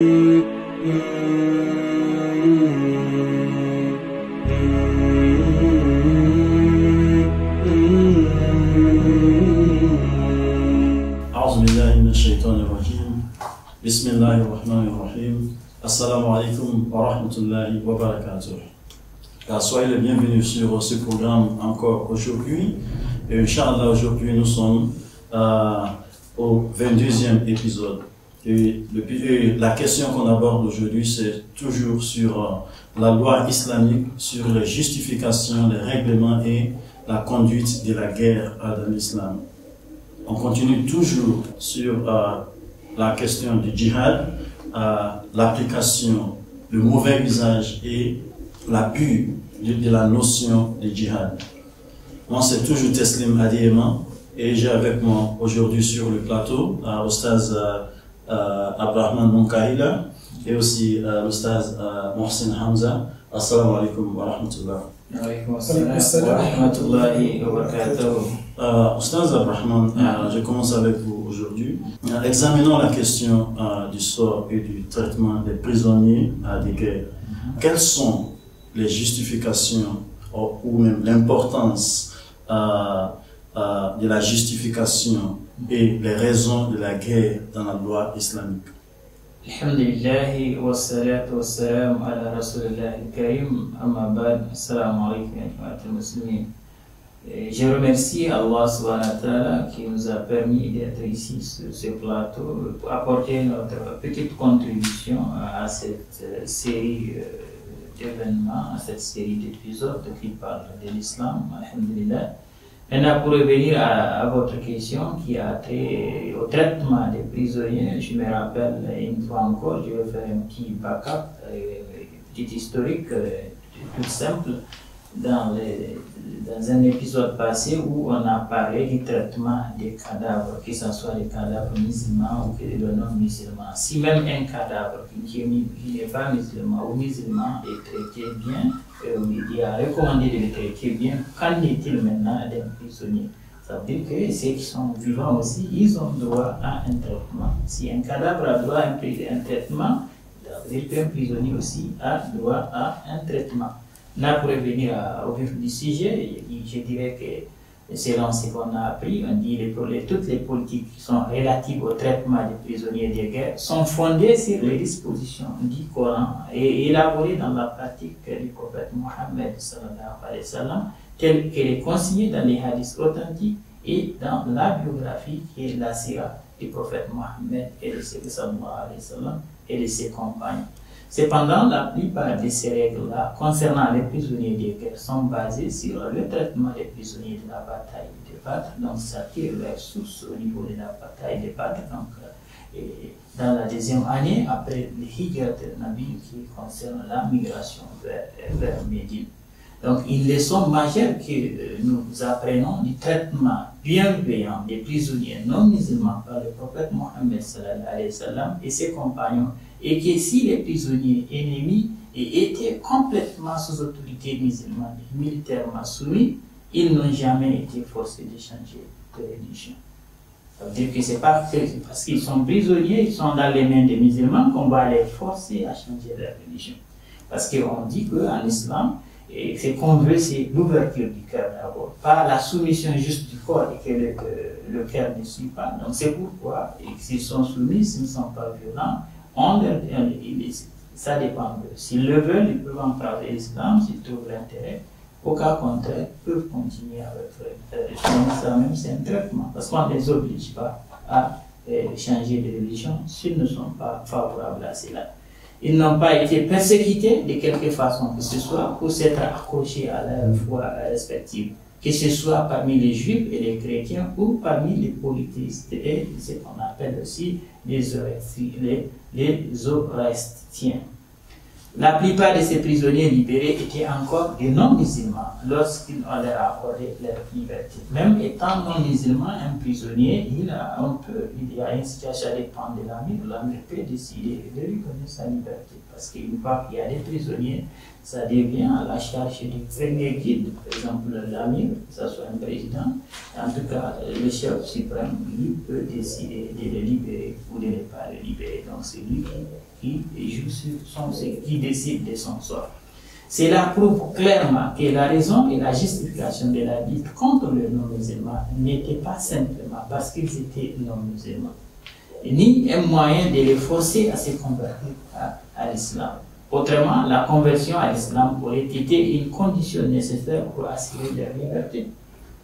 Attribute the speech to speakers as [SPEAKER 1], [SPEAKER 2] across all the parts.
[SPEAKER 1] Azmilahi
[SPEAKER 2] Mn Shaitan Ibrahim, Bismillahi Assalamu Alaikum, Wa wabarakatuh Wabarakatur. Car soyez les bienvenus sur ce programme encore aujourd'hui. Et Inch'Allah, aujourd'hui nous sommes euh, au 22e épisode. Et, la question qu'on aborde aujourd'hui, c'est toujours sur euh, la loi islamique, sur les justifications, les règlements et la conduite de la guerre à l'islam. On continue toujours sur euh, la question du djihad, euh, l'application, le mauvais usage et l'abus de, de, la notion du djihad. Moi, c'est toujours Teslim Adieman et j'ai avec moi aujourd'hui sur le plateau, euh, au stade euh, Abrahman Moukaila et aussi euh, l'Oustaz euh, Mohsen Hamza. Assalamu alaikum wa rahmatullah. wa Oustaz Abrahman, Abraham, je commence avec vous aujourd'hui. examinons la question du sort et du traitement des prisonniers des guerres. Mhm. Quelles sont les justifications ou, ou même l'importance euh, de la justification et les raisons de la guerre dans la loi islamique. Je
[SPEAKER 3] remercie Allah subhanahu qui nous a permis d'être ici sur ce plateau pour apporter notre petite contribution à cette euh, série euh, d'événements, à cette série d'épisodes qui parlent de l'islam. Alhamdulillah. Maintenant, pour revenir à, votre question qui a trait au traitement des prisonniers, je me rappelle une fois encore, je vais faire un petit backup, euh, petit historique, euh, tout simple dans, dans un épisode passé où on a parlé du traitement des cadavres, que ce soit des cadavres musulmans ou des non-musulmans. Si même un cadavre qui, n'est pas musulman ou musulman est traité bien, euh, il a recommandé de le traiter bien, qu'en est-il maintenant des prisonniers ça veut dire que ceux qui sont vivants aussi, ils ont droit à un traitement. Si un cadavre a droit à un, traitement, ça veut dire qu'un prisonnier aussi a droit à un traitement. Là, pour revenir au vif du sujet, je dirais que selon ce qu'on a appris, on dit que toutes les politiques qui sont relatives au traitement des prisonniers de guerre sont fondées sur les dispositions du Coran et élaborées dans la pratique du prophète Mohammed telles qu'elle est consignée dans les hadiths authentiques et dans la biographie qui est la sira du prophète Mohammed et et de ses compagnes. Cependant, la plupart de ces règles-là concernant les prisonniers de guerre sont basées sur le traitement des prisonniers de la bataille de Badr, donc ça tire leur source au niveau de la bataille de Badr, donc euh, et dans la deuxième année après le Higher Nabi qui concerne la migration vers, vers Médine. Donc une leçon majeure que euh, nous apprenons du traitement bienveillant des prisonniers non musulmans par le prophète Mohammed et ses compagnons et que si les prisonniers ennemis étaient complètement sous autorité musulmane, militairement soumis, ils n'ont jamais été forcés de changer de religion. Ça veut dire que c'est pas parce qu'ils sont prisonniers, ils sont dans les mains des musulmans qu'on va les forcer à changer de religion. Parce qu'on dit qu'en islam, ce qu'on veut, c'est l'ouverture du cœur d'abord, pas la soumission juste du corps et que le, euh, le cœur ne suit pas. Donc c'est pourquoi s'ils sont soumis, s'ils ne sont pas violents, ont euh, leur, ça dépend d'eux. S'ils le veulent, ils peuvent emprunter l'islam s'ils trouvent l'intérêt. Au cas contraire, ils peuvent continuer avec euh, ça, même, c'est un traitement. Parce qu'on ne les oblige pas à euh, changer de religion s'ils ne sont pas favorables à cela. Ils n'ont pas été persécutés de quelque façon que ce soit pour s'être accrochés à leur foi respective que ce soit parmi les juifs et les chrétiens ou parmi les politistes et ce qu'on appelle aussi les, les, les la plupart de ces prisonniers libérés étaient encore des non-musulmans lorsqu'on leur a accordé leur liberté. Même étant non-musulman, un prisonnier, il a un peu, il a une situation dépendre de l'ami, l'ami peut décider de lui donner sa liberté. Parce qu'une fois qu'il y a des prisonniers, ça devient à la charge du premier guide, par exemple l'ami, que ce soit un président, en tout cas le chef suprême, lui peut décider de le libérer ou de ne pas le libérer. Donc c'est lui qui qui qui décide de son sort. Cela prouve clairement que la raison et la justification de la lutte contre le non-musulman n'était pas simplement parce qu'ils étaient non-musulmans, ni un moyen de les forcer à se convertir à, l'islam. Autrement, la conversion à l'islam aurait été une condition nécessaire pour assurer leur liberté.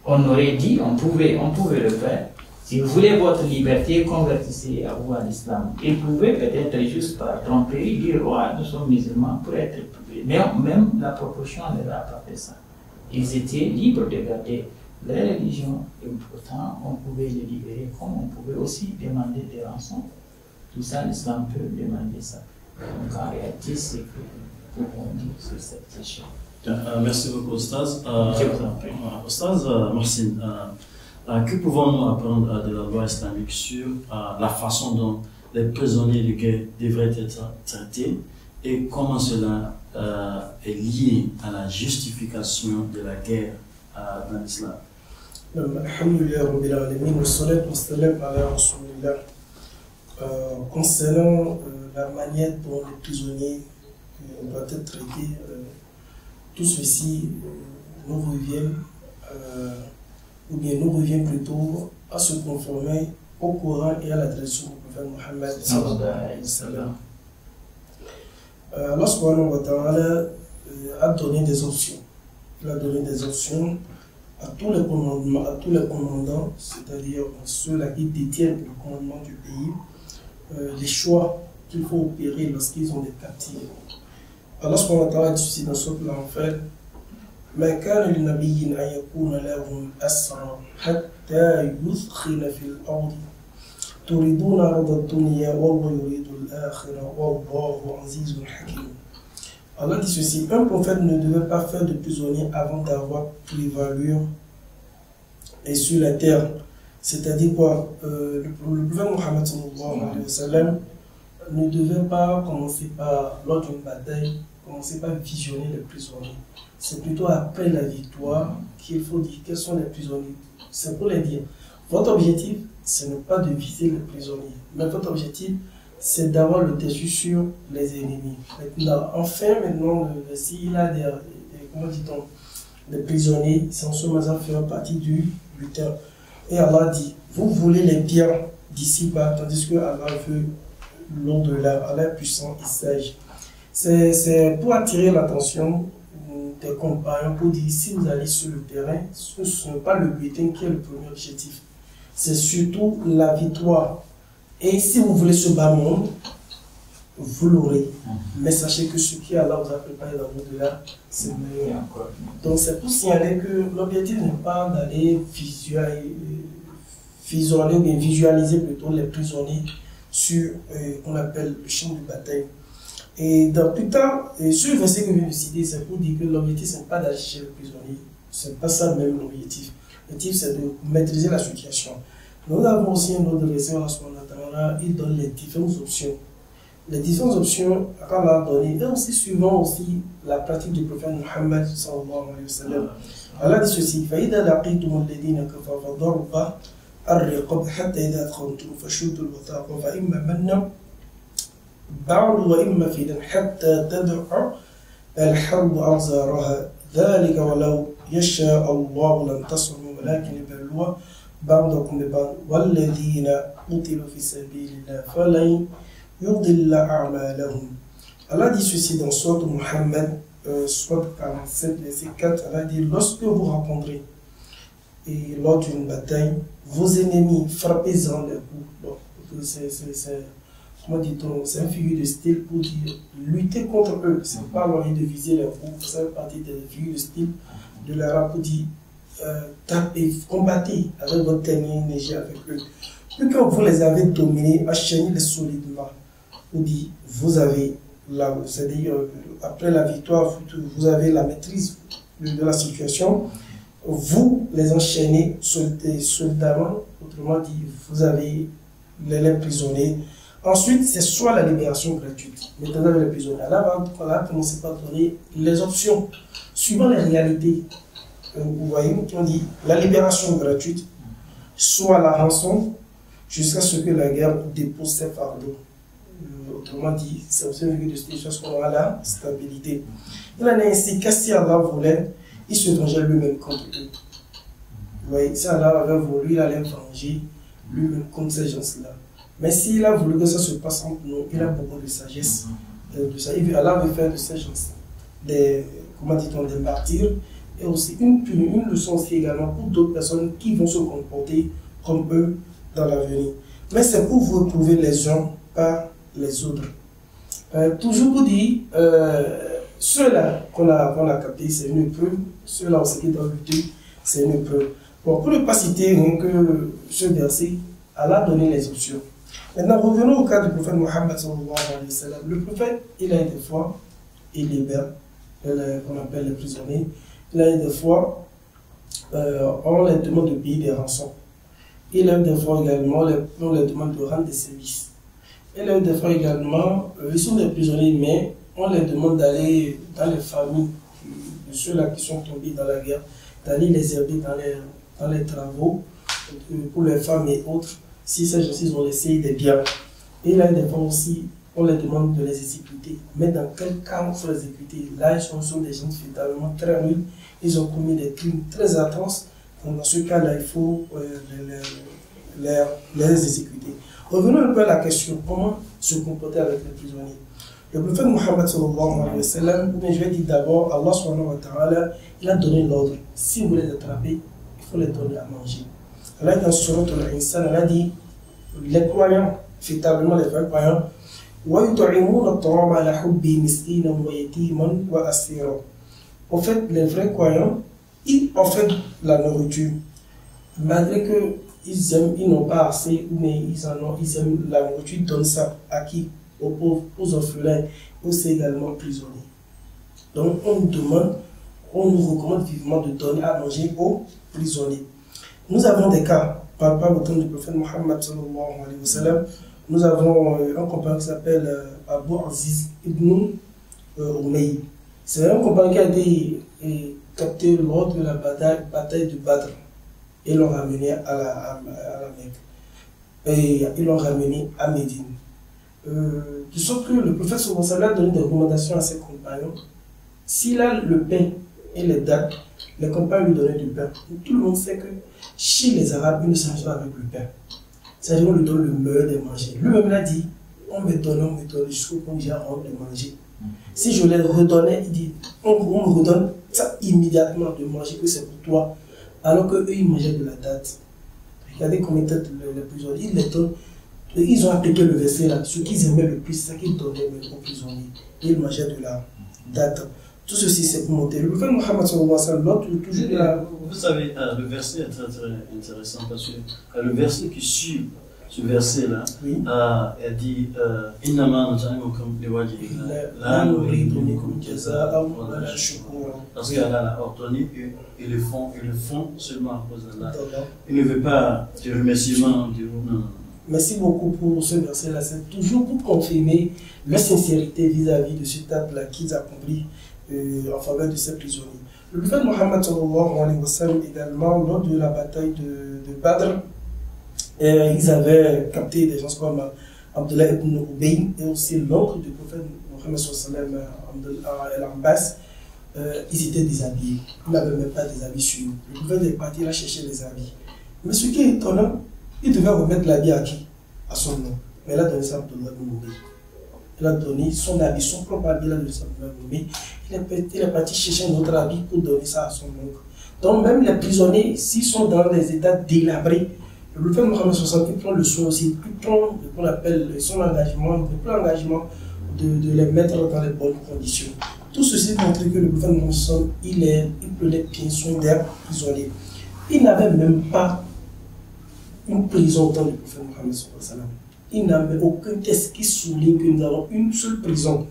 [SPEAKER 3] On aurait dit, on pouvait, on pouvait le faire, si vous voulez votre liberté, convertissez vous à l'islam. Ils pouvaient peut-être juste par tromperie dire Ouais, oh, nous sommes musulmans pour être privés. Mais même la proportion ne pas fait ça. Ils étaient libres de garder leur religion et pourtant on pouvait les libérer comme on pouvait aussi demander des rançons. Tout ça, l'islam peut demander ça. Donc en réalité, c'est que nous pouvons dire sur cette question. Euh, merci beaucoup,
[SPEAKER 2] Ostaz. Euh, Ostaz, euh, que pouvons-nous apprendre euh, de la loi islamique sur euh, la façon dont les prisonniers de guerre devraient être traités et comment cela est lié à la justification de la guerre dans l'islam
[SPEAKER 1] concernant la manière dont les prisonniers doivent être traités, tout ceci nous revient à ou bien nous revient plutôt à se conformer au Coran et à l'adresse du prophète Mohamed euh, Allah wa euh, a des options. Il a donné des options à tous les commandants, c'est-à-dire ceux qui détiennent le commandement du pays, euh, les choix qu'il faut opérer lorsqu'ils ont des captifs. Lorsqu'on va qu'on ta'ala dans ce plan en fait ما Allah dit ceci, un prophète ne devait pas faire de prisonnier avant d'avoir prévalu et sur la terre. C'est-à-dire quoi euh, prophète Mohammed ne devait pas commencer par, l'autre bataille, commencez pas visionner les prisonniers. C'est plutôt après la victoire qu'il faut dire quels sont les prisonniers. C'est pour les dire. Votre objectif, ce n'est pas de viser les prisonniers, mais votre objectif, c'est d'avoir le dessus sur les ennemis. Maintenant, enfin, maintenant, s'il a des, des des prisonniers, c'est en ce moment faire partie du lutteur. Et Allah dit, vous voulez les biens d'ici-bas, tandis que Allah veut de l'air Allah est puissant il sage. C'est pour attirer l'attention des compagnons, pour dire si vous allez sur le terrain, ce n'est pas le butin qui est le premier objectif. C'est surtout la victoire. Et si vous voulez ce bas monde, vous l'aurez. Mhm. Mais sachez que ce qui Allah vous a préparé dans de delà c'est meilleur. Donc c'est pour signaler que l'objectif n'est pas d'aller visualiser, visualiser plutôt les prisonniers sur, ce euh, qu'on appelle le champ de bataille. Et dans plus tard, et sur que je vais vous citer, c'est pour dire que l'objectif, ce n'est pas d'acheter le prisonnier. Ce n'est pas ça même l'objectif. L'objectif, c'est de maîtriser la situation. Nous avons aussi un autre verset, il donne les différentes options. Les différentes options qu'on a données, et aussi suivant aussi la pratique du prophète Mohammed, sallallahu alayhi wa sallam. Ah. Allah dit ceci, فَإِذَا لَقِيتُمُ الَّذِينَ riqab hatta الرِّقَبْ حَتَّى إِذَا al فَشُدُّوا الْوَثَاقَ imma مَنًّا بعد وإما في حتى تدع الحرب أنظارها ذلك ولو يشاء الله لن تصروا ولكن لبلوى بعضكم ببعض والذين قتلوا في سبيل الله فلن يضل أعمالهم Allah dit ceci dans Sourate Muhammad, euh, Sourate 47, verset 4, Allah dit Lorsque vous rencontrez, et lors d'une bataille, vos ennemis, frappez-en les coups. Donc, c'est dit c'est un figure de style pour dire lutter contre eux. C'est pas l'envie de viser leur groupes. c'est fait partie des figures de style de l'arabe pour dire euh, combattez avec votre dernière avec eux. Plus que vous les avez dominés, enchaînez les solidement. Vous dit, vous avez, la, c'est-à-dire, après la victoire, vous, avez la maîtrise de, la situation. Vous les enchaînez solidement, autrement dit, vous avez les, les Ensuite, c'est soit la libération gratuite, maintenant le prisonnier. Là, on ne sait pas donner les options. Suivant les réalités, euh, vous voyez, on dit la libération gratuite, soit la rançon, jusqu'à ce que la guerre dépose ses fardeaux. Euh, autrement dit, c'est aussi une de situation qu'on a la stabilité. Il a ainsi qu'à si Allah voulait, il se vengeait lui-même contre eux. Vous voyez, si Allah avait voulu, il allait venger lui-même contre ces gens-là. Mais s'il a voulu que ça se passe entre nous, il a beaucoup de sagesse. Euh, de, ça. Allah veut faire de ces gens des, comment dit-on, des martyrs. Et aussi une, une leçon aussi également pour d'autres personnes qui vont se comporter comme eux dans l'avenir. Mais c'est pour vous prouver les uns par les autres. Euh, toujours vous dit, euh, ceux-là qu'on a, qu a captés, c'est une preuve. Ceux-là aussi qui doivent lutter, c'est une preuve. pour ne pas citer rien que ce verset, Allah a donné les options. Maintenant, revenons au cas du prophète Mohammed. Le prophète, il a des fois, il libère, qu'on appelle les prisonniers. Il a des fois, euh, on les demande de payer des rançons. Il a des fois également, on les demande de rendre des services. Il a des fois également, euh, ils sont des prisonniers, mais on les demande d'aller dans les familles de ceux-là qui sont tombés dans la guerre, d'aller les aider dans dans les travaux euh, pour les femmes et autres. Si ces gens-ci ont essayé des biens, et là, des fois aussi, on les demande de les exécuter. Mais dans quel cas on faut les exécuter Là, ils sont, des gens totalement très nuls. Ils ont commis des crimes très atroces. dans ce cas-là, il faut euh, les, les, exécuter. Revenons un peu à la question comment se comporter avec les prisonniers. Le prophète Mohammed sallallahu alayhi wa sallam, je vais dire d'abord, Allah wa il a donné l'ordre. Si vous voulez les attraper, il faut les donner à manger. Allah est les croyants, véritablement les vrais croyants, fait, les vrais croyants, ils offrent la nourriture. Malgré que ils n'ont pas assez, mais ils en ont, ils aiment la nourriture, donnent ça à qui Aux pauvres, aux orphelins, aux également prisonniers. Donc on nous demande, on nous recommande vivement de donner à manger aux prisonniers. Nous avons des cas pas autour du prophète Mohammed sallallahu alayhi wa sallam. Nous avons euh, un compagnon qui s'appelle euh, Abu Aziz ibn euh, Umayy. C'est un compagnon qui a été capté lors de la bataille, de Badr et l'ont ramené à la, à, la Mecque. Et ils l'ont ramené à Médine. Euh, de sorte que le prophète sallallahu alayhi wa sallam donné des recommandations à ses compagnons. S'il a le pain et les dates, les compagnons lui donnaient du pain. tout le monde sait que chez les Arabes, ils ne s'arrangent pas avec le pain. C'est-à-dire qu'on lui donne le meilleur de manger. Lui-même l'a dit, on me donne, on me donne, jusqu'au point que j'ai honte de manger. Si je les redonnais, il dit, on, me redonne ça immédiatement de manger, que c'est pour toi. Alors qu'eux, ils mangeaient de la date. Regardez combien de les, les prisonniers, ils les donnent. Ils ont appliqué le verset là. Ce qu'ils aimaient le plus, c'est ce qu'ils donnaient aux prisonniers. Ils mangeaient de la date. Tout ceci, c'est pour Vous
[SPEAKER 2] savez, le verset est très, très intéressant parce que le verset qui suit ce verset-là, il a ah, dit euh, Parce qu'Allah a ordonné et le font, ils le font seulement à cause d'Allah. Il ne veut pas de remerciement.
[SPEAKER 1] Merci beaucoup pour ce verset-là. C'est toujours pour confirmer la sincérité vis-à-vis -vis de ce table-là qu'ils accomplissent en faveur de ces prisonniers. Le prophète Mohammed également, lors de la bataille de, de Badr, ils avaient capté des gens comme euh, Abdullah ibn Ubayn et aussi l'oncle du prophète Mohammed al-Abbas. Euh, euh, euh, ils étaient déshabillés. Ils n'avaient même pas des habits sur eux. Le prophète est parti là chercher des habits. Mais ce qui est étonnant, il devait remettre l'habit à qui À son nom. Mais là, dans le sens de Abdullah ibn Ubayn. Il a donné son avis, son propre avis, là, il, il est, parti chercher un autre avis pour donner ça à son oncle. Donc même les prisonniers, s'ils sont dans des états délabrés, le prophète Mohamed Sossam prend le soin aussi, il prend qu'on appelle son engagement, le plein engagement de, les mettre dans les bonnes conditions. Tout ceci montre que le gouvernement Mohamed il, est, il prenait bien soin des prisonniers. Il n'avait même pas une prison dans le gouvernement Mohamed Sossam il n'a aucun test qui souligne que nous avons une seule prison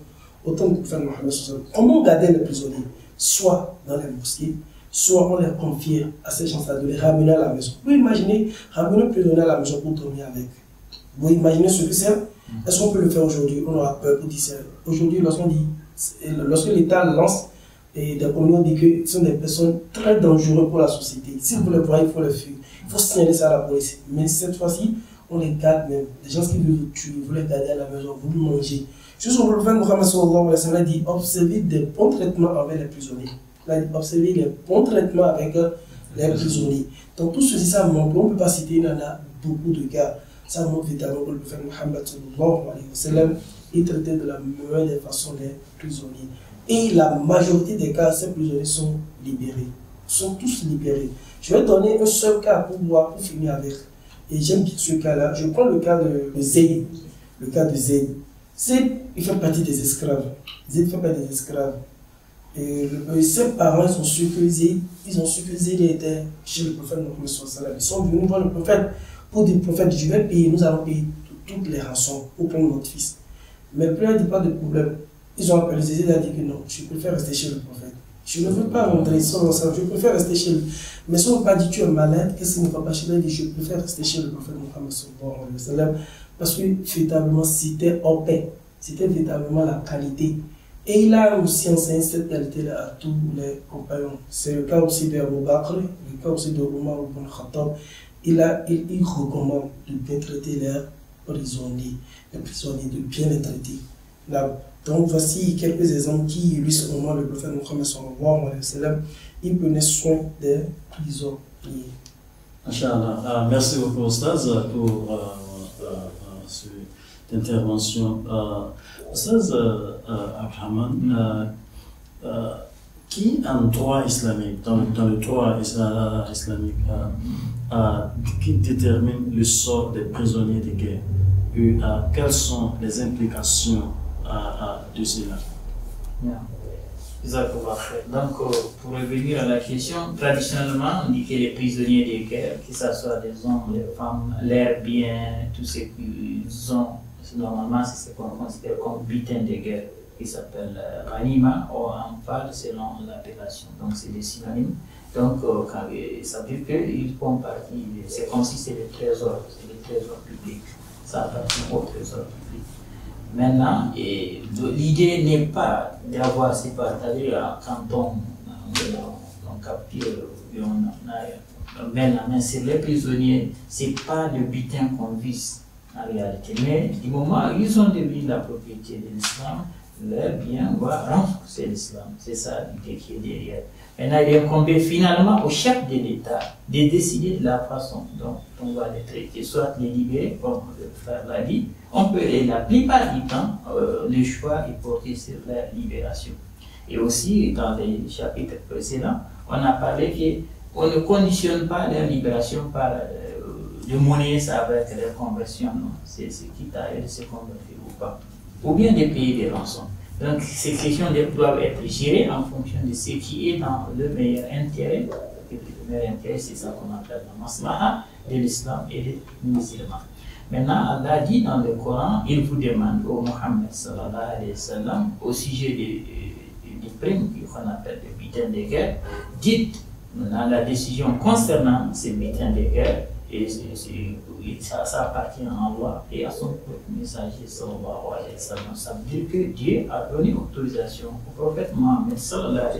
[SPEAKER 1] autant temps le prophète Comment garder les prisonniers Soit dans les mosquées, soit on les confie à ces gens-là de les ramener à la maison. Vous imaginez ramener un prisonnier à la maison pour dormir avec. Vous imaginez ce que c'est Est-ce qu'on peut le faire aujourd'hui On aura peur pour dire Aujourd'hui, lorsqu'on dit, lorsque l'État lance et des on dit que sont des personnes très dangereuses pour la société. Si vous le voyez, il faut le fuir. Il faut signaler ça à la police. Mais cette fois-ci, on les même. Des gens qui veulent, tu voulais garder à la maison, vous manger. Juste au prophète Mohammed sallallahu alayhi wa sallam dit observez des bons traitements avec les prisonniers. Il a dit observez les bons traitements avec euh, les prisonniers. Donc tout ceci, ça montre, on ne peut pas citer, il y en a beaucoup de cas. Ça montre évidemment que le prophète Mohammed sallallahu alayhi wa sallam est traité de la meilleure des façons les prisonniers. Et la majorité des cas, ces prisonniers sont libérés. Ils sont tous libérés. Je vais donner un seul cas pour voir, pour finir avec. Et j'aime ce cas-là. Je prends le cas de, Zé, Le cas de Zayn. c'est il fait partie des esclaves. Zayn fait partie des esclaves. Et euh, ses parents sont supposés, ils ont supposé terres chez le prophète Ils sont venus voir le prophète pour dire prophète, je vais payer, nous allons payer toutes les rançons pour prendre notre fils. Mais plus n'y dit pas de problème. Ils ont appelé Zé, il a dit que non, je préfère rester chez le prophète. Je ne veux pas rentrer sans ça. Je préfère rester chez lui. Mais si on m'a dit tu es malade, qu'est-ce qu'il ne va pas chez lui je préfère rester chez le prophète Mohammed sallallahu parce que véritablement c'était en paix. C'était véritablement la qualité. Et il a aussi enseigné cette qualité à tous les compagnons. C'est le cas aussi de Abu Bakr, le cas aussi de Omar ibn Khattab. Il, a, il, recommande de bien traiter les prisonniers, les prisonniers, de bien les traiter. Donc voici quelques exemples qui illustrent moi, le prophète Mohammed sallallahu alayhi wa sallam, il prenait soin des prisonniers.
[SPEAKER 2] Inch'Allah. Ah, merci beaucoup, Ostaz, pour euh, euh, euh, cette intervention. Ah, euh, Ostaz Abraham, mm. qui en droit islamique, dans, mm. le droit islamique, qui détermine le sort des prisonniers de guerre et quelles sont les implications de cela.
[SPEAKER 3] Yeah. Donc, pour revenir à la question, traditionnellement, on dit que les prisonniers des guerres, que ce soit des hommes, des femmes, l'air bien, tous ce quils ont, normalement, c'est ce qu'on considère comme butin de guerre, qui s'appelle anima ou Amphale selon l'appellation. Donc, c'est des synonymes. Donc, quand, ça veut dire qu'ils font partie, c'est comme si c'était le trésor, c'est le trésor public. Ça appartient au trésor public. Maintenant, l'idée n'est pas d'avoir ces partager quand on, on, capture et on, on, met la les prisonniers. Ce n'est pas le butin qu'on vise en réalité. Mais du moment où ils ont devenu la propriété de l'islam, leur bien va renforcer l'islam. C'est ça l'idée qui est derrière. Maintenant, il incombe finalement au chef de l'État de décider de la façon dont on va les traiter, soit les libérer, comme le l'a dit. On peut, et la plupart du temps, euh, le choix est porté sur la libération. Et aussi, dans les chapitres précédents, on a parlé qu'on ne conditionne pas la libération par euh, le monnaie, ça va être la conversion, non C'est ce qui t'a aidé se convertir ou pas. Ou bien des pays des rançons. Donc ces questions doivent être gérées en fonction de ce qui est dans le meilleur intérêt. Le meilleur intérêt, c'est ça qu'on appelle la maslaha de l'islam et des musulmans. Maintenant, Allah dit dans le Coran, il vous demande, au Mohammed sallallahu alayhi wa sallam, au sujet des, des primes qu'on appelle le bitins de guerre, dites dans la décision concernant ces bitins de guerre, et, ça, appartient à Allah et à son propre messager Ça veut dire que Dieu a donné autorisation au prophète Mohammed sallallahu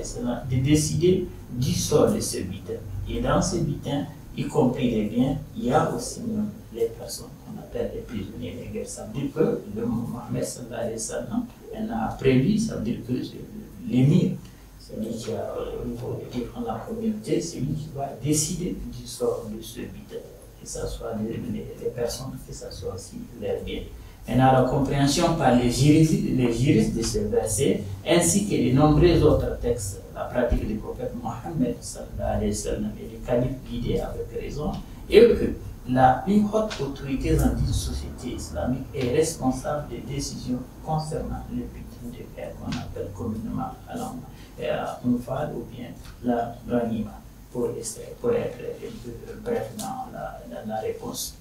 [SPEAKER 3] de décider du sort de ce butin. Et dans ce butin, y compris les biens, il y a aussi les personnes qu'on appelle les prisonniers de guerre. Ça veut dire que le Mohamed sallallahu alayhi wa sallam a prévu, ça veut dire que l'émir, celui qui a, euh, niveau de la communauté, c'est lui qui va décider du sort de ce butin que ce soit les, personnes, que ce soit aussi leur biens. a la compréhension par les juristes, de ce verset, ainsi que les nombreux autres textes, la pratique du prophète Mohammed et les califes guidés avec raison, et que la plus haute autorité dans une société islamique est responsable des décisions concernant le butin de guerre qu'on appelle communément à l'homme, ou bien la ranima pour, pour être euh, bref dans la, réponse.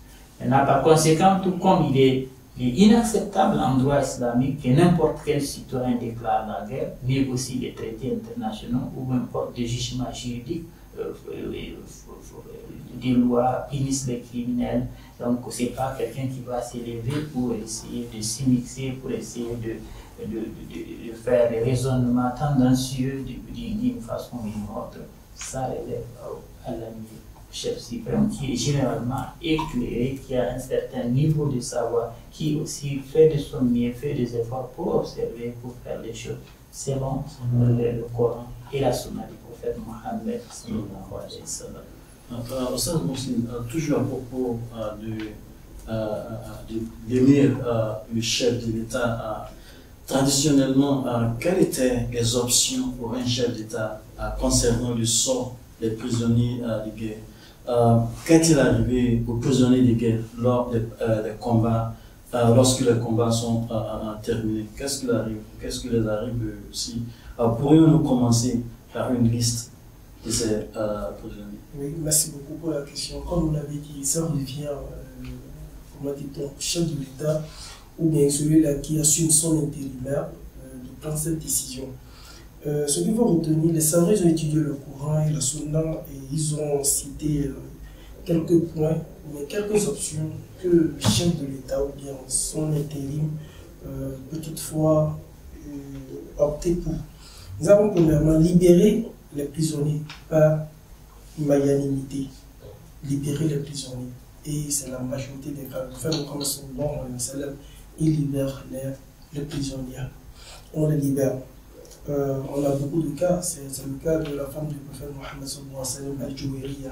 [SPEAKER 3] par conséquent, tout comme il est, inacceptable en droit islamique que n'importe quel citoyen déclare la guerre, aussi des traités internationaux ou n'importe des jugements juridiques, euh, euh, des lois punissent les criminels. Donc, ce n'est pas quelqu'un qui va s'élever pour essayer de s'immiscer, pour essayer de, de, de, faire des raisonnements tendancieux d'une façon ou d'une autre ça relève à l'ami chef suprême qui est généralement éclairé, qui a un certain niveau de savoir, qui aussi fait de son mieux, fait des efforts pour observer, pour faire les choses selon le, Coran et la Sunna du prophète Mohammed. Moussin, mm. er eh, er eh, toujours à propos de
[SPEAKER 2] euh, le chef de l'État. Eh, Traditionnellement, euh, quelles étaient les options pour un chef d'État euh, concernant le sort des prisonniers euh, de guerre Qu'est-il arrivé aux prisonniers de guerre lors des, combats, lorsque les combats sont terminés Qu'est-ce qui arrive Qu'est-ce qui les arrive aussi Pourrions-nous commencer par une liste de ces
[SPEAKER 1] prisonniers merci beaucoup pour la question. Comme vous l'avez dit, ça revient, comment dit chef de l'État ou bien celui-là qui assume son intérimaire euh, de prendre cette décision. Euh, ce qu'il faut retenir, les salariés ont étudié le courant et la Sunna et ils ont cité euh, quelques points, mais quelques options que le chef de l'État ou bien son intérim peut toutefois opter pour. Nous avons premièrement libéré les prisonniers par magnanimité. Libérer les prisonniers. Et c'est la majorité des cas. Enfin, comme son hein, salaire il libère les, prisonniers. On les libère. Euh, on a beaucoup de cas, c'est le cas de la femme du prophète Mohammed sallallahu alayhi al Al-Juwairiyya,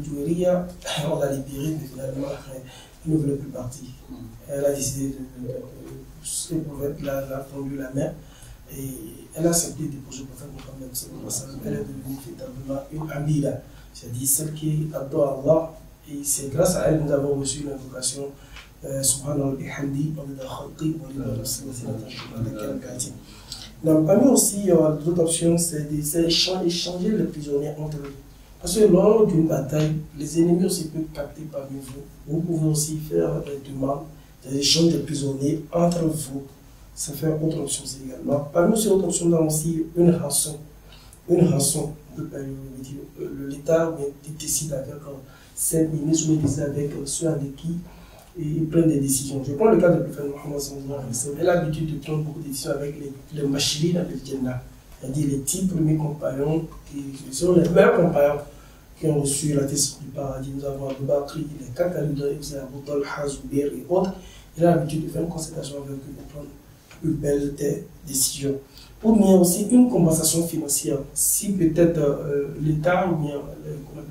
[SPEAKER 1] Joueria, on l'a libérée, mais finalement, elle ne voulait plus partir. Elle a décidé de, le prophète, l'a tendu la main, et elle a accepté de déposer le prophète Mohammed sallallahu Elle est devenue véritablement une amida c'est-à-dire celle qui adore Allah, et c'est grâce à elle que nous avons reçu l'invocation euh, Subhanallah bihamdi, walidha khalqi, walidha nafsi, walidha kati. Donc, parmi aussi, il y a d'autres options, c'est d'échanger les prisonniers entre eux. Parce que lors d'une bataille, les ennemis aussi peuvent capter parmi vous. Vous pouvez aussi faire du mal, des échanges de prisonniers entre vous. Ça fait autre option également. Parmi ces autres options, on a aussi une rançon.
[SPEAKER 3] Une rançon.
[SPEAKER 1] L'État décide avec ses euh, ministres ou décide avec euh, ceux avec qui et ils prennent des décisions. Je prends le cas de prophète Mohammed. Il a l'habitude de prendre beaucoup de décisions avec les, les machines, avec Jannah. Il à dit, les dix premiers compagnons qui sont les meilleurs compagnons qui ont reçu la test du paradis. Nous avons Abu Bakr, les quatre calidats, c'est et autres. Il a l'habitude de faire une consultation avec eux pour prendre une belle décision. Pour bien aussi une compensation financière. Si peut-être euh, l'État ou bien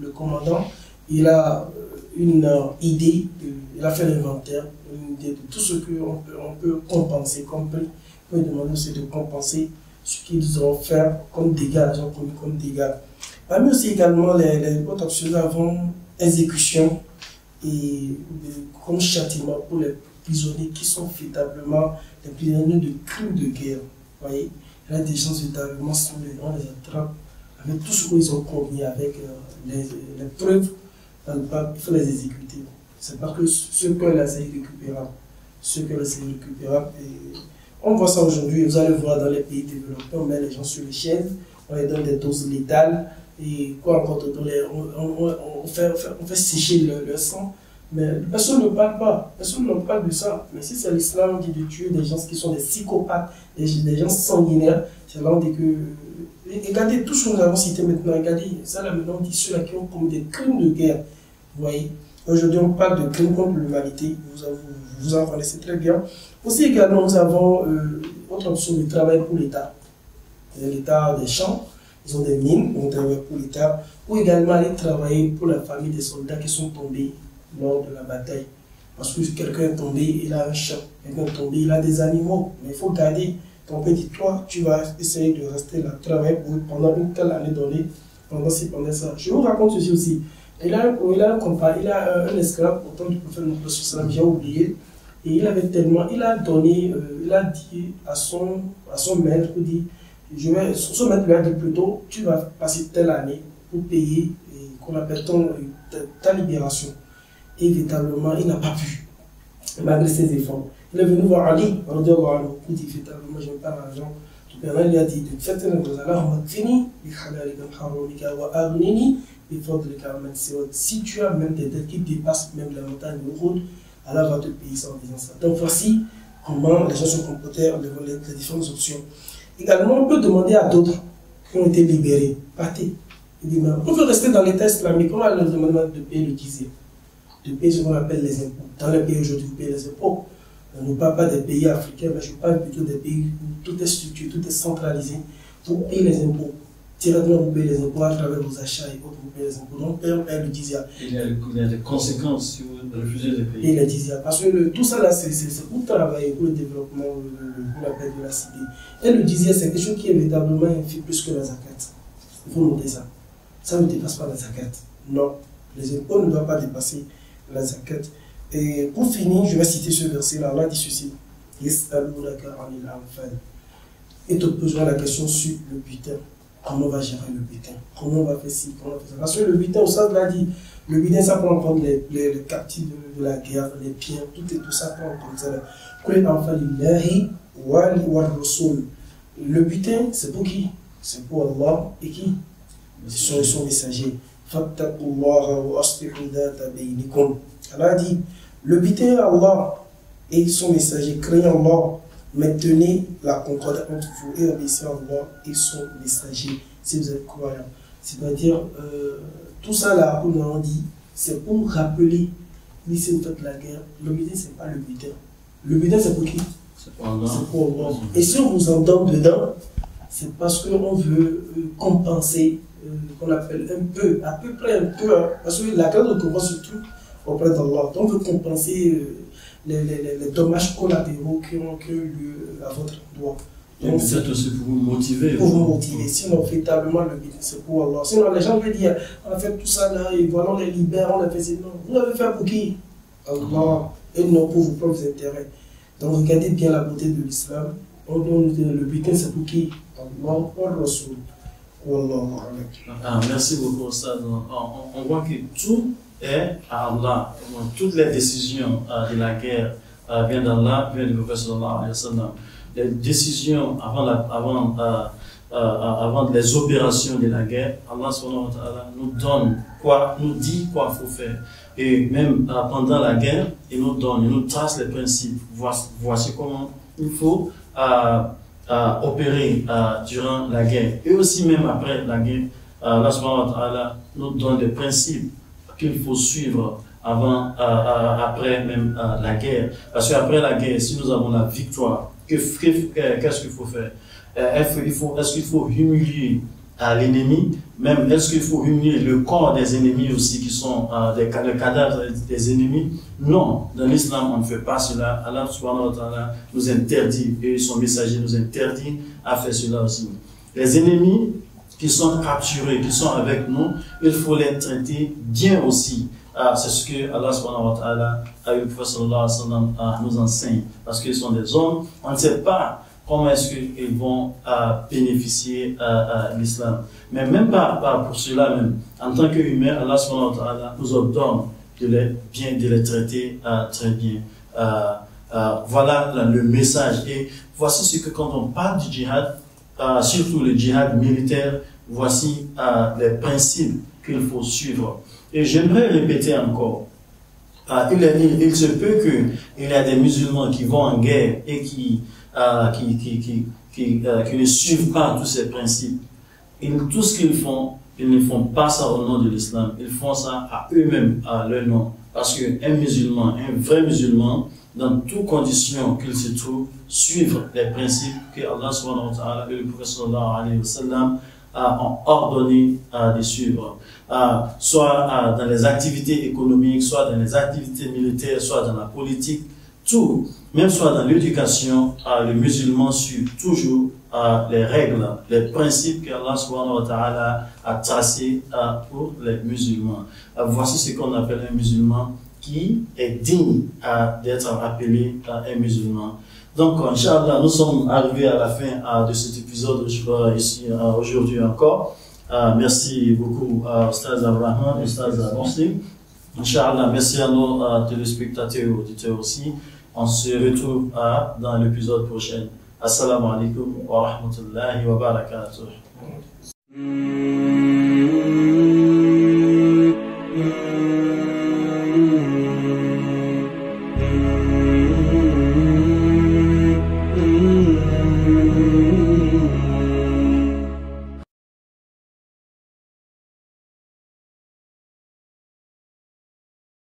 [SPEAKER 1] le commandant, il a euh, une euh, idée, de, il a fait l'inventaire, une idée de tout ce qu'on peut, on peut compenser, qu'on peut, on peut demander, c'est de compenser ce qu'ils ont fait comme dégâts, comme, comme dégâts. Parmi aussi également, les, les autres avons exécution et, comme châtiment pour les prisonniers qui sont véritablement des prisonniers de crimes de guerre. voyez, il y a des gens véritablement, on les attrape avec tout ce qu'ils ont commis, avec euh, les, les preuves il pas faut les exécuter. C'est parce que ce que la c'est récupérera, Ce que la irrécupérable. on voit ça aujourd'hui, vous allez voir dans les pays développés, on met les gens sur les chaises, on les donne des doses létales, et quoi encore, on, on, fait, sécher le, sang. Mais personne ne parle pas, personne ne parle de ça. Mais si c'est l'islam qui dit de tuer des gens qui sont des psychopathes, des, gens sanguinaires, c'est là que Regardez tout ce que nous avons cité maintenant. Regardez, ça là maintenant, on dit ceux qui ont commis des crimes de guerre. Vous voyez Aujourd'hui, on parle de crimes contre l'humanité. Vous, vous, en connaissez très bien. Aussi, également, nous avons euh, autre option de travail pour l'État. Euh, L'État des champs, ils ont des mines, on travaille pour l'État. Ou également aller travailler pour la famille des soldats qui sont tombés lors de la bataille. Parce que quelqu'un est tombé, il a un champ. Quelqu'un est tombé, il a des animaux. Mais il faut garder ton petit toi, tu vas essayer de rester là, travailler pendant une telle année donnée, pendant ci, pendant ça. Je vous raconte ceci aussi. Il a, il a un compas, il a un, euh, un esclave pourtant du prophète Mohammed, bien oublié. Et il avait tellement, il a donné, euh, il a dit à son, à son maître, il dit, je vais, son maître lui a dit plutôt, tu vas passer telle année pour payer, euh, qu'on appelle ton, ta, libération. Et véritablement, il n'a pas pu, malgré ses efforts. Il est venu voir Ali, écoute, il fait ta moi j'aime pas l'argent. Donc Allah lui a dit, faites-le vous Allah, matini, li halalika haramika wa abnini, li fadlika man siwat. Si tu as même des dettes qui dépassent même la montagne ou route, alors va te payer ça en disant ça. Donc voici comment les gens se comportèrent devant les, différentes options. Également, on peut demander à d'autres qui ont été libérés, partez. On peut rester dans les tests islamiques, on va leur demander de payer le 10e, de payer ce qu'on appelle les impôts. Dans les pays aujourd'hui, vous payez les impôts. On ne parle pas des pays africains, mais je parle plutôt des pays où tout est structuré, tout est centralisé. pour payer les impôts. Directement, vous payez les impôts à travers vos achats et autres, vous payez les impôts. Donc, elle le disait Il y a, il y des conséquences si vous refusez de payer. Et le disait. Parce que tout ça, là, c'est pour travailler, pour le développement, pour la paix de la cité. Elle le disait. c'est quelque chose qui est véritablement fait plus que la zakat. vous faut noter ça. Ça ne dépasse pas la zakat. Non. Les impôts ne doivent pas dépasser la zakat. Et pour finir, je vais citer ce verset-là. Allah dit ceci. Et besoin de la question sur le butin. Comment on va gérer le butin Comment on va faire ci Comment Parce que le butin, au sens l'a dit, le butin, ça prend en compte les, les, captifs de, la guerre, les pierres, tout et tout ça prend en compte ça. Le butin, c'est pour qui C'est pour Allah et qui C'est sont son messager. Allah dit le à Allah et son messager, craignant mort maintenez la concorde entre vous et obéissez à mort et son messager, si vous êtes croyant. C'est-à-dire, euh, tout ça là, comme on dit, c'est pour rappeler, mais de la guerre, le ce n'est pas le bité. Hein. Le bité, c'est pour qui C'est pour Allah. Et si on vous entend dedans, c'est parce euh, euh, qu'on veut compenser, qu'on appelle un peu, à peu près un peu, hein. parce que la carte de compense se trouve auprès d'Allah. Donc, vous compenser euh, les, les, les dommages collatéraux qui ont, eu lieu euh, à votre endroit Donc, c'est aussi
[SPEAKER 2] pour vous motiver. Pour vous motiver. Sinon,
[SPEAKER 1] véritablement, le but, c'est pour Allah. Sinon, les gens veulent dire, on a fait tout ça là, et voilà, on les libère, on les fait. Non, vous l'avez fait pour qui Allah. Et ah. non pour vos propres intérêts. Donc, regardez bien la beauté de l'islam. Le butin, c'est pour qui Allah, on Pour Allah, merci beaucoup,
[SPEAKER 2] ça. on voit que tout est Allah. toutes les décisions euh, de la guerre euh, viennent d'Allah, viennent du prophète sallallahu alayhi Les décisions avant, avant, euh, avant les opérations de la guerre, Allah nous donne quoi, nous dit quoi faut faire. Et même pendant la guerre, il nous donne, il nous trace les principes. Voici, comment il faut opérer durant la guerre et aussi même après la guerre, Allah nous donne des principes qu'il faut suivre avant, euh, euh, après même euh, la guerre. Parce qu'après la guerre, si nous avons la victoire, qu'est-ce qu'il faut faire Est-ce qu'il faut humilier l'ennemi, même est-ce qu'il faut humilier le corps des ennemis aussi, qui sont des, cadavres des ennemis Non, dans l'islam, on ne fait pas cela. Allah subhanahu wa nous interdit, et son messager nous interdit à faire cela aussi. Les ennemis qui sont capturés, qui sont avec nous, il faut les traiter bien aussi. Ah, c'est ce que Allah subhanahu wa ta'ala, nous enseigne. Parce qu'ils sont des hommes, on ne sait pas comment est-ce qu'ils vont ah, bénéficier à ah, l'islam. Mais même pas, pour cela même, en tant qu'humains, Allah subhanahu wa ta'ala nous ordonne de les, bien, de les traiter très bien. voilà le message. Et voici ce que quand on parle du djihad, ah, surtout le djihad militaire, voici ah, les principes qu'il faut suivre. Et j'aimerais répéter encore, ah, il, se peut qu'il y a des musulmans qui vont en guerre et qui, qui, ne suivent pas tous ces principes. Et tout ce qu'ils font, ils ne font pas ça au nom de l'islam, ils font ça à eux-mêmes, à leur nom. Parce qu'un musulman, un vrai musulman, dans toutes conditions qu'il se trouve, suivre les principes que Allah subhanahu wa ta'ala et le prophète alayhi wa sallam ont ordonné euh, de suivre, euh, soit euh, dans les activités économiques, soit dans les activités militaires, soit dans la politique, tout, même soit dans l'éducation, le musulman suit toujours les règles, les principes que Allah subhanahu wa ta'ala a tracés pour les musulmans. Voici ce qu'on appelle un musulman qui est digne hein, d'être appelé un musulman. Donc, Inch'Allah, nous sommes arrivés à la fin hein, de cet épisode Je ici hein, aujourd'hui encore. Ah, merci beaucoup à ah, Ustaz Abraham, Ustaz Muslim. Inch'Allah, merci à nos ah, téléspectateurs et auditeurs aussi. On se retrouve dans l'épisode prochain. Assalamu alaikum wa rahmatullahi wa barakatuh.